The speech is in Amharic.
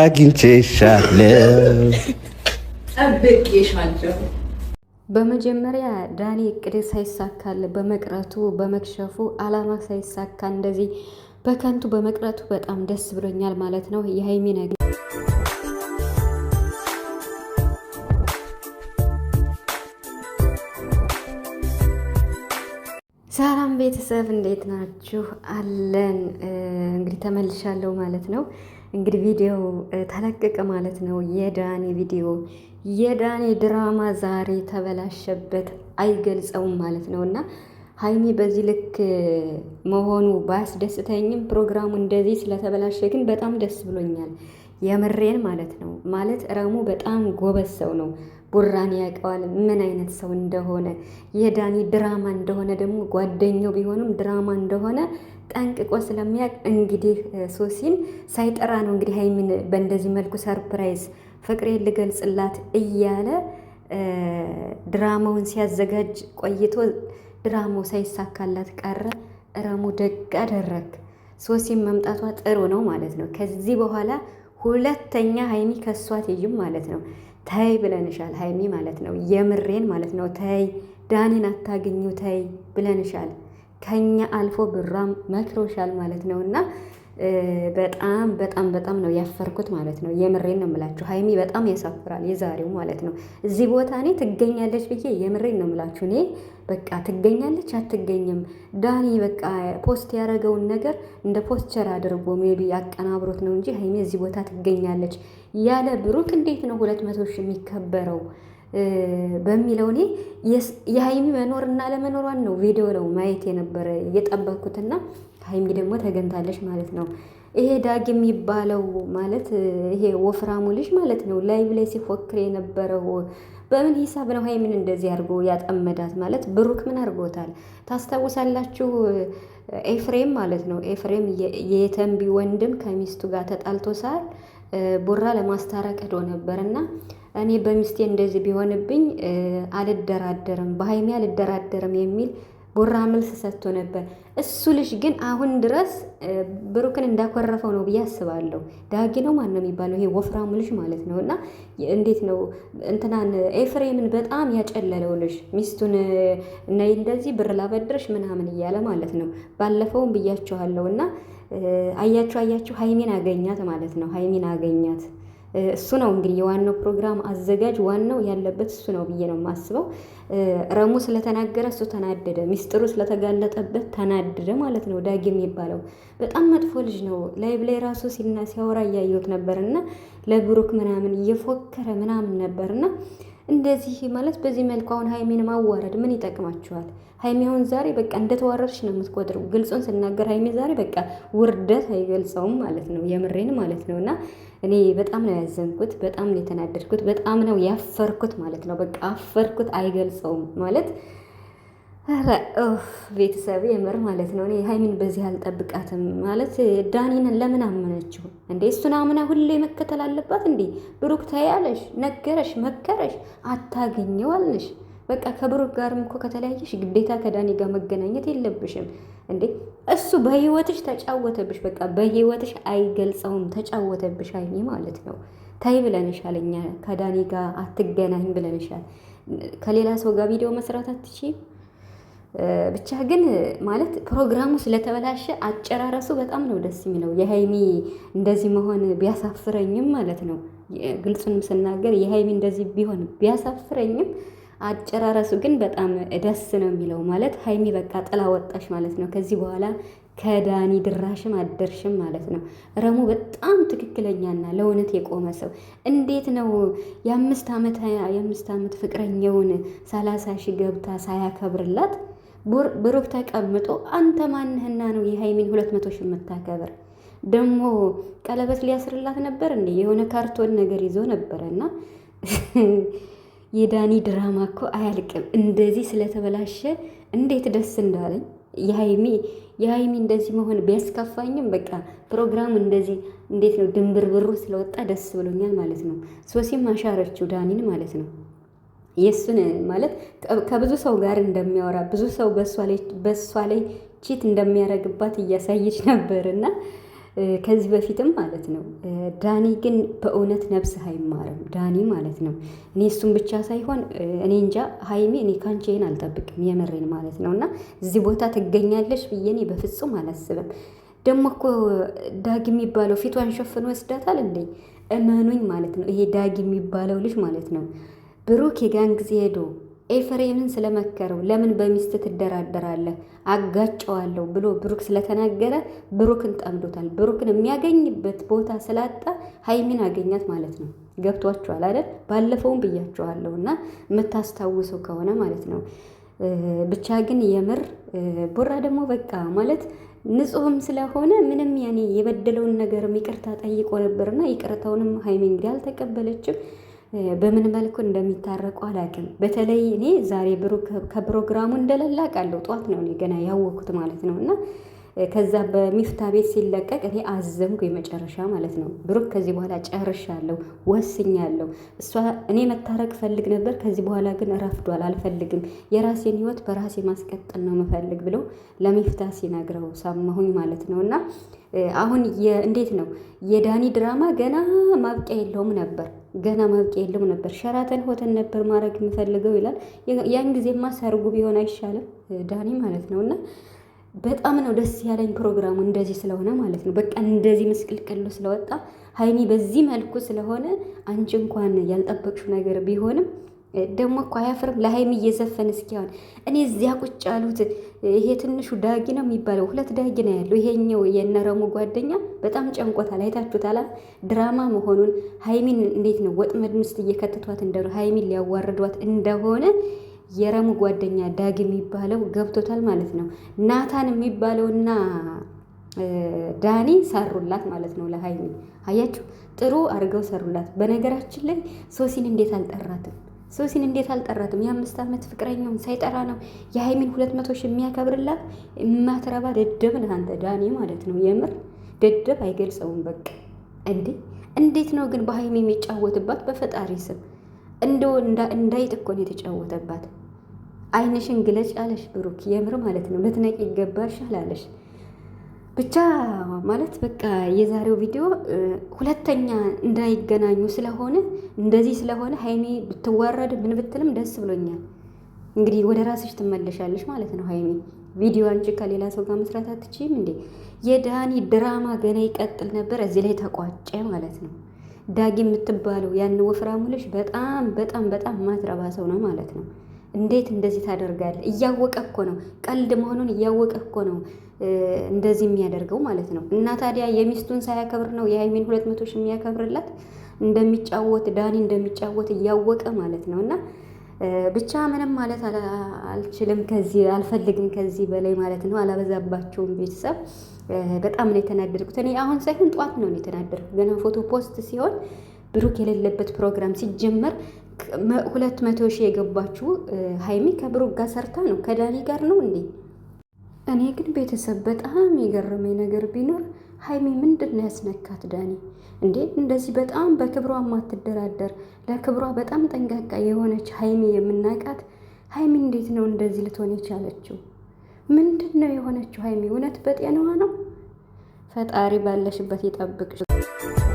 አግኝቼሻለሁ፣ በመጀመሪያ ዳኒ እቅድ ሳይሳካል በመቅረቱ በመክሸፉ አላማ ሳይሳካ እንደዚህ በከንቱ በመቅረቱ በጣም ደስ ብሎኛል ማለት ነው የሀይሚ ነገር ቤተሰብ እንዴት ናችሁ? አለን እንግዲህ ተመልሻለሁ ማለት ነው። እንግዲህ ቪዲዮ ተለቀቀ ማለት ነው። የዳኒ ቪዲዮ የዳኒ ድራማ ዛሬ ተበላሸበት አይገልጸውም ማለት ነው እና ሀይሚ በዚህ ልክ መሆኑ ባያስደስተኝም ፕሮግራሙ እንደዚህ ስለተበላሸ ግን በጣም ደስ ብሎኛል። የምሬን ማለት ነው። ማለት ረሙ በጣም ጎበዝ ሰው ነው። ቡራን ያውቀዋል፣ ምን አይነት ሰው እንደሆነ የዳኒ ድራማ እንደሆነ ደግሞ ጓደኛው ቢሆንም ድራማ እንደሆነ ጠንቅቆ ስለሚያውቅ እንግዲህ ሶሲን ሳይጠራ ነው እንግዲህ ሀይሚን በእንደዚህ መልኩ ሰርፕራይዝ ፍቅሬ ልገልጽላት እያለ ድራማውን ሲያዘጋጅ ቆይቶ ድራማው ሳይሳካላት ቀረ። ረሙ ደግ አደረግ። ሶሲን መምጣቷ ጥሩ ነው ማለት ነው ከዚህ በኋላ ሁለተኛ ሀይሚ ከሷት ይጅም ማለት ነው። ተይ ብለንሻል ሀይሚ ማለት ነው። የምሬን ማለት ነው። ተይ ዳኒን አታገኙ ተይ ብለንሻል። ከኛ አልፎ ብራም መክሮሻል ማለት ነው እና በጣም በጣም በጣም ነው ያፈርኩት ማለት ነው። የምሬን ነው የምላችሁ ሀይሚ በጣም ያሳፍራል የዛሬው ማለት ነው። እዚህ ቦታ እኔ ትገኛለች ብዬ የምሬን ነው የምላችሁ እኔ በቃ ትገኛለች አትገኝም። ዳኒ በቃ ፖስት ያደረገውን ነገር እንደ ፖስቸር አድርጎ ሜቢ አቀናብሮት ነው እንጂ ሀይሚ እዚህ ቦታ ትገኛለች ያለ ብሩክ እንዴት ነው ሁለት መቶ ሺህ የሚከበረው? በሚለው እኔ የሀይሚ መኖርና አለመኖሯን ነው ቪዲዮ ነው ማየት የነበረ እየጠበኩትና ሀይሚ ደግሞ ተገንታለች ማለት ነው። ይሄ ዳግ የሚባለው ማለት ይሄ ወፍራሙ ልጅ ማለት ነው ላይቭ ላይ ሲፎክር የነበረው በምን ሂሳብ ነው ሀይሚን እንደዚህ አድርጎ ያጠመዳት? ማለት ብሩክ ምን አድርጎታል? ታስታውሳላችሁ? ኤፍሬም ማለት ነው ኤፍሬም የተንቢ ወንድም ከሚስቱ ጋር ተጣልቶ ሳል ቡራ ለማስታረቅ ሄዶ ነበር እና እኔ በሚስቴ እንደዚህ ቢሆንብኝ አልደራደርም፣ በሀይሜ አልደራደርም የሚል ቦራ መልስ ሰጥቶ ነበር። እሱ ልጅ ግን አሁን ድረስ ብሩክን እንዳኮረፈው ነው ብዬ አስባለሁ። ዳጊ ነው ማን ነው የሚባለው? ይሄ ወፍራሙ ልጅ ማለት ነው። እና እንዴት ነው እንትናን ኤፍሬምን በጣም ያጨለለው ልጅ ሚስቱን ነይ እንደዚህ ብር ላበድረሽ ምናምን እያለ ማለት ነው። ባለፈውም ብያችኋለሁ። እና አያችሁ አያችሁ፣ ሀይሚን አገኛት ማለት ነው። ሀይሜን አገኛት እሱ ነው እንግዲህ የዋናው ፕሮግራም አዘጋጅ ዋናው ያለበት እሱ ነው ብዬ ነው የማስበው። ረሙ ስለተናገረ እሱ ተናደደ፣ ሚስጥሩ ስለተጋለጠበት ተናደደ ማለት ነው። ዳግ የሚባለው በጣም መጥፎ ልጅ ነው። ላይብ ላይ ራሱ ሲና ሲያወራ እያየሁት ነበርና ለብሩክ ምናምን እየፎከረ ምናምን ነበርና እንደዚህ ማለት በዚህ መልኩ አሁን ሀይሜን ማዋረድ ምን ይጠቅማችኋል? ሀይሜ አሁን ዛሬ በቃ እንደተዋረድሽ ነው የምትቆጥረው። ግልጹን ስናገር ሀይሜ ዛሬ በቃ ውርደት አይገልጸውም ማለት ነው። የምሬን ማለት ነው እና እኔ በጣም ነው ያዘንኩት፣ በጣም ነው የተናደድኩት፣ በጣም ነው ያፈርኩት ማለት ነው። በቃ አፈርኩት፣ አይገልጸውም ማለት ቤተሰብ የምር ማለት ነው። እኔ ሀይሚን በዚህ አልጠብቃትም ማለት ዳኒን ለምን አመነችው እንዴ? እሱን አምና ሁሌ መከተል አለባት እንዴ? ብሩክ ታያለሽ፣ ነገረሽ፣ መከረሽ፣ አታገኘዋለሽ። በቃ ከብሩክ ጋርም እኮ ከተለያየሽ ግዴታ ከዳኒ ጋር መገናኘት የለብሽም። እንዴ እሱ በህይወትሽ ተጫወተብሽ። በቃ በህይወትሽ አይገልጸውም፣ ተጫወተብሽ። አይኔ ማለት ነው። ታይ ብለንሻል፣ እኛ ከዳኒ ጋር አትገናኝ ብለንሻል። ከሌላ ሰው ጋር ቪዲዮ መስራት አትችይም። ብቻ ግን ማለት ፕሮግራሙ ስለተበላሸ አጨራረሱ በጣም ነው ደስ የሚለው። የሀይሚ እንደዚህ መሆን ቢያሳፍረኝም ማለት ነው፣ ግልጹንም ስናገር የሀይሚ እንደዚህ ቢሆን ቢያሳፍረኝም አጨራረሱ ግን በጣም ደስ ነው የሚለው ማለት ሀይሚ በቃ ጥላ ወጣሽ ማለት ነው። ከዚህ በኋላ ከዳኒ ድራሽም አደርሽም ማለት ነው። ረሙ በጣም ትክክለኛና ለእውነት የቆመ ሰው እንዴት ነው የአምስት ዓመት የአምስት ዓመት ፍቅረኛውን ሰላሳ ሺህ ገብታ ሳያከብርላት ብሩክ ተቀምጦ አንተ ማንህና ነው የሀይሚን ሁለት መቶ ሺህ የምታከብር? ደግሞ ቀለበት ሊያስርላት ነበር እንዴ? የሆነ ካርቶን ነገር ይዞ ነበረና የዳኒ ድራማ እኮ አያልቅም። እንደዚህ ስለተበላሸ እንዴት ደስ እንዳለኝ። የሀይሚ የሀይሚ እንደዚህ መሆን ቢያስከፋኝም በቃ ፕሮግራም እንደዚህ እንዴት ነው ድንብርብሩ ስለወጣ ደስ ብሎኛል ማለት ነው። ሶሲም አሻረችው ዳኒን ማለት ነው። የእሱን ማለት ከብዙ ሰው ጋር እንደሚያወራ ብዙ ሰው በእሷ ላይ ቺት እንደሚያደርግባት እያሳየች ነበር እና ከዚህ በፊትም ማለት ነው። ዳኒ ግን በእውነት ነፍስህ አይማርም ዳኒ ማለት ነው። እኔ እሱም ብቻ ሳይሆን እኔ እንጃ ሀይሜ፣ እኔ ካንቺ ይሄን አልጠብቅም የመሬን ማለት ነው። እና እዚህ ቦታ ትገኛለች ብዬ እኔ በፍጹም አላስብም። ደግሞ እኮ ዳግ የሚባለው ፊቷን ሸፍኖ ወስዳታል እንዴ! እመኑኝ ማለት ነው። ይሄ ዳግ የሚባለው ልጅ ማለት ነው ብሩክ የጋን ጊዜ ሄዶ ኤፍሬምን ስለመከረው ለምን በሚስት ትደራደራለህ አጋጨዋለሁ ብሎ ብሩክ ስለተናገረ ብሩክን ጠምዶታል። ብሩክን የሚያገኝበት ቦታ ስላጣ ሀይሚን አገኛት ማለት ነው። ገብቷችኋል አይደል? ባለፈውም ብያችኋለሁ እና የምታስታውሰው ከሆነ ማለት ነው። ብቻ ግን የምር ቦራ ደግሞ በቃ ማለት ንጹህም ስለሆነ ምንም ያኔ የበደለውን ነገርም ይቅርታ ጠይቆ ነበርና ይቅርታውንም ሀይሚ እንግዲህ አልተቀበለችም። በምን መልኩ እንደሚታረቁ አላውቅም። በተለይ እኔ ዛሬ ከፕሮግራሙ እንደሌላ ቃለው ጠዋት ነው እኔ ገና ያወኩት ማለት ነው እና ከዛ በሚፍታ ቤት ሲለቀቅ እኔ አዘንኩ የመጨረሻ ማለት ነው። ብሩክ ከዚህ በኋላ ጨርሻለሁ፣ ወስኛለሁ። እሷ እኔ መታረቅ ፈልግ ነበር፣ ከዚህ በኋላ ግን ረፍዷል፣ አልፈልግም፣ የራሴን ህይወት በራሴ ማስቀጠል ነው መፈልግ ብሎ ለሚፍታ ሲነግረው ሰማሁኝ ማለት ነው እና አሁን እንዴት ነው የዳኒ ድራማ ገና ማብቂያ የለውም ነበር ገና መብቅ የለው ነበር። ሸራተን ሆተን ነበር ማድረግ የምፈልገው ይላል። ያን ጊዜማ ሰርጉ ቢሆን አይሻልም ዳኒ ማለት ነው። እና በጣም ነው ደስ ያለኝ ፕሮግራሙ እንደዚህ ስለሆነ ማለት ነው። በቃ እንደዚህ ምስቅልቅሉ ስለወጣ ሀይሚ በዚህ መልኩ ስለሆነ አንቺ እንኳን ያልጠበቅሽው ነገር ቢሆንም ደግሞ እኮ አያፍርም ለሀይም እየዘፈን እስኪሆን እኔ እዚያ ቁጭ ያሉት ይሄ ትንሹ ዳጊ ነው የሚባለው። ሁለት ዳጊ ነው ያለው። ይሄኛው የነረሙ ጓደኛ በጣም ጨንቆታል። አይታችሁታል። ድራማ መሆኑን ሀይሚን እንዴት ነው ወጥመድ ውስጥ እየከተቷት እንደሆነ ሀይሚን ሊያዋርዷት እንደሆነ የረሙ ጓደኛ ዳግ የሚባለው ገብቶታል ማለት ነው። ናታን የሚባለውና ዳኒ ሰሩላት ማለት ነው ለሀይሚ። አያችሁ ጥሩ አድርገው ሰሩላት። በነገራችን ላይ ሶሲን እንዴት አልጠራትም? ሶሲን እንዴት አልጠራትም? የአምስት ዓመት ፍቅረኛውን ሳይጠራ ነው የሀይሚን ሁለት መቶ ሺህ የሚያከብርላት። የማትረባ ደደብ ነህ አንተ ማለት ነው። የምር ደደብ አይገልጸውም። በቃ እንዴ እንዴት ነው ግን በሀይሚ የሚጫወትባት? በፈጣሪ ስም እንደው እንዳይጥ እኮ ነው የተጫወተባት። አይንሽን ግለጭ አለሽ ብሩክ፣ የምር ማለት ነው። ልትነቂ ይገባልሽ አላለሽ ብቻ ማለት በቃ የዛሬው ቪዲዮ ሁለተኛ እንዳይገናኙ ስለሆነ እንደዚህ ስለሆነ ሀይሜ ብትዋረድ ምን ብትልም ደስ ብሎኛል። እንግዲህ ወደ ራስሽ ትመለሻለሽ ማለት ነው ሀይሜ። ቪዲዮ አንቺ ከሌላ ሰው ጋር መስራት አትችይም እንዴ? የዳኒ ድራማ ገና ይቀጥል ነበር፣ እዚህ ላይ ተቋጨ ማለት ነው። ዳጊ የምትባለው ያን ወፍራሙ ልጅ በጣም በጣም በጣም ማትረባ ሰው ነው ማለት ነው። እንዴት እንደዚህ ታደርጋለህ? እያወቀ እኮ ነው ቀልድ መሆኑን እያወቀ እኮ ነው እንደዚህ የሚያደርገው ማለት ነው። እና ታዲያ የሚስቱን ሳያከብር ነው የሀይሜን ሁለት መቶ ሺህ የሚያከብርላት እንደሚጫወት ዳኒ እንደሚጫወት እያወቀ ማለት ነው። እና ብቻ ምንም ማለት አልችልም፣ ከዚህ አልፈልግም፣ ከዚህ በላይ ማለት ነው። አላበዛባቸውም ቤተሰብ። በጣም ነው የተናደድኩት እኔ አሁን ሳይሆን ጠዋት ነው የተናደድኩት። ገና ፎቶ ፖስት ሲሆን ብሩክ የሌለበት ፕሮግራም ሲጀመር ሁለት መቶ ሺህ የገባችው ሀይሚ ከብሩክ ጋር ሰርታ ነው ከዳኒ ጋር ነው እንዴ? እኔ ግን ቤተሰብ በጣም የገረመኝ ነገር ቢኖር ሀይሚ ምንድን ነው ያስነካት? ዳኒ እንዴ እንደዚህ በጣም በክብሯ ማትደራደር ለክብሯ በጣም ጠንቃቃ የሆነች ሀይሚ የምናውቃት ሀይሚ እንዴት ነው እንደዚህ ልትሆን የቻለችው? ምንድን ነው የሆነችው ሀይሚ? እውነት በጤናዋ ነው? ፈጣሪ ባለሽበት ይጠብቅሽ።